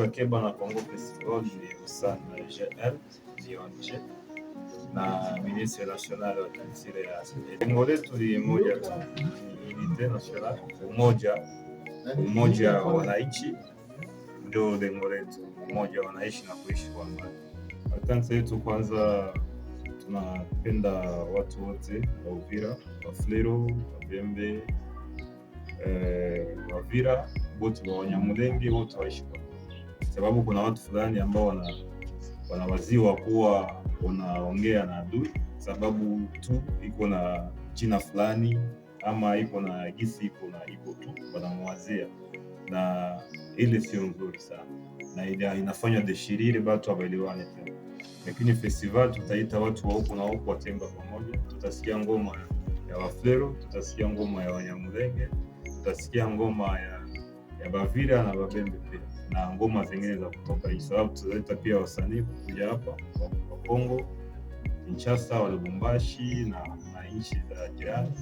Wakeba na Kongo Principal ni USAN na GL ni na ministre national wa culture ya asili. Lengo letu ni moja tu, unite national, umoja umoja wa wananchi ndio lengo letu, umoja wanaishi na kuishi kwa amani. Asante yetu kwanza, tunapenda watu wote wa Uvira, Wafulero, Wabembe, eh, Wavira, wote wa Wanyamulenge, wote waishi kwa sababu kuna watu fulani ambao wana wanawaziwa kuwa unaongea na adui sababu tu iko na jina fulani ama iko na gisi iko na iko tu wanamwazia, na ile sio nzuri sana, na inafanywa deshiriri watu waelewane tena. Lakini festival tutaita watu wa huku na huku watemba pamoja, tutasikia ngoma ya Waflero, tutasikia ngoma ya Wanyamulenge, tutasikia ngoma ya ya Bavira na Babembe pia na ngoma zingine za kutoka hii, sababu tutaleta pia wasanii kuja hapa wa Kongo, Kinshasa, wa Lubumbashi na, na nchi za jirani,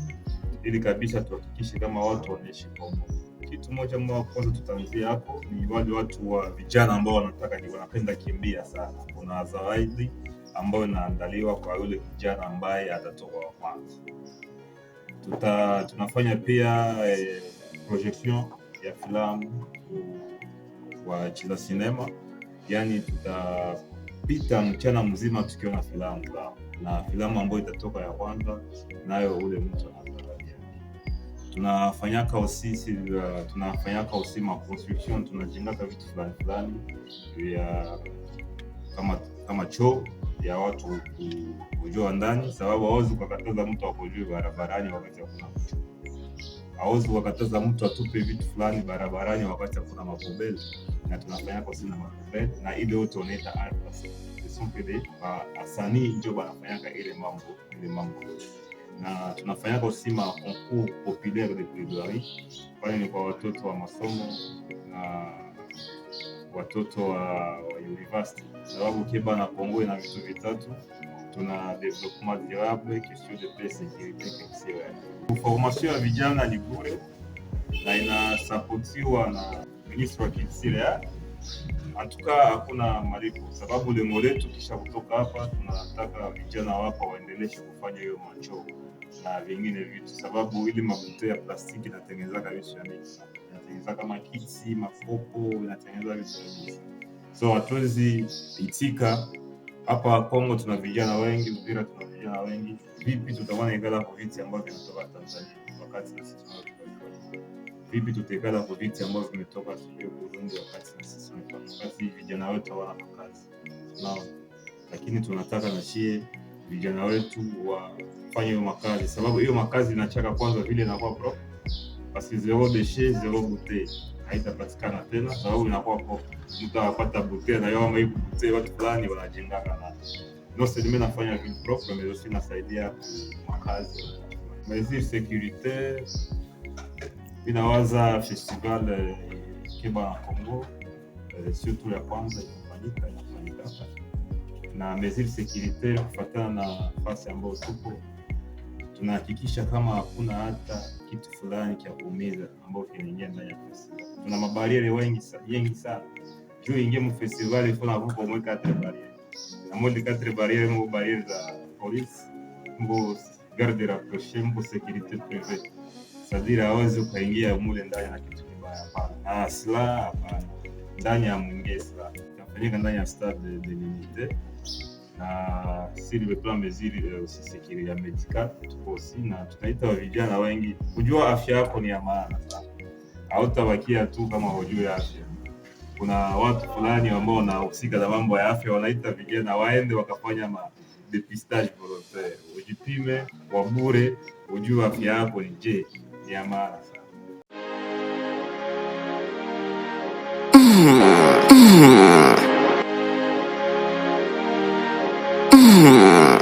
ili kabisa tuhakikishe kama watu wanaishi Kongo. Kitu moja ambao kwanza tutaanzia hapo ni wale watu wa vijana ambao wanataka ni wanapenda kimbia sana. Kuna zawadi ambayo inaandaliwa kwa yule kijana ambaye atatoka wa kwanza. Tuta tunafanya pia eh, projection ya filamu kwa Chila Sinema, yani tutapita mchana mzima na filamu zao, na filamu ambayo itatoka ya kwanza nayo ule mtu anatarajia. Tunafanyaka usisi, uh, tunafanyaka ma construction, tunajengaka vitu fulani fulani ya kama, kama choo ya watu kujua ndani, sababu hawezi kukataza mtu akujue barabarani wakati hakuna mtu hawezi kukataza mtu atupe vitu fulani barabarani wakati hakuna mapombele, na tunafanya kwa sina mapombele na ile yote wanaita advocacy isumpile kwa asanii ndio wanafanyaka ile mambo ile mambo na tunafanya kosima concours populaire de plaidoirie pale ni kwa watoto wa masomo na watoto wa, wa university, sababu kibana pongoe na vitu vitatu tuna development durable, question de paix, sécurité, securite, formation ya vijana ni bure na inasapotiwa na ministre wa kinsirea antuka hakuna malipo, sababu lengo letu kisha kutoka hapa, tunataka vijana wapa waendeleshe kufanya hiyo macho na vingine vitu, sababu ili mafuta ya plastiki inatengeneza kabisa ya mix, inatengeneza kama kiti, makopo, inatengeneza vitu. So hatuwezi itika hapa Kongo tuna vijana wengi, mpira tuna vijana wengi. Vipi tutakuwa na ikala kwa viti ambavyo vinatoka Tanzania wakati na sisi Vipi tutakala kwa viti ambavyo vimetoka sio Burundi wakati na sisi tunavyo? Vijana wetu hawana makazi nao, lakini tunataka na shie vijana wetu wafanye hiyo makazi, sababu hiyo makazi inachaka kwanza vile inakuwa pro, basi zero deshe zero bouteille haitapatikana tena, sababu inakuwa mtu anapata butee na yao, hii butee watu fulani wanajengana na nose nime nafanya vitu propre mais aussi nasaidia makazi mezi sekurite. inawaza festival eh, keba na Congo eh, surtout ya kwanza inafanyika inafanyika na mezi sekurite, kufatana na fasi ambayo tupo tunahakikisha kama hakuna hata kitu fulani cha kuumiza ambao kinaingia ndani ya festival. Tuna mabariere wengi wengi sana juu ingie mu festival ifuna kuko mwe quatre Na amwe de quatre barriere mu barriere za polisi mbo garde la proche mbo securite privée sadira hawezi ukaingia mule ndani na kitu kibaya, hapana. Na silaha hapana, ndani ya mwingie silaha Kafanyika ndani ya stade de l'unite na sisi nimepewa meziri eh, usisikiri ya medical tukosi, na tunaita vijana wengi kujua afya yako ni ya maana sana, hautabakia tu kama hujui afya. Kuna watu fulani ambao wanahusika na mambo ya afya, wanaita vijana waende wakafanya ma depistage volontaire, ujipime kwa bure, ujue afya yako ni je, ni ya maana sana. Mm-hmm. Mm-hmm. Mm.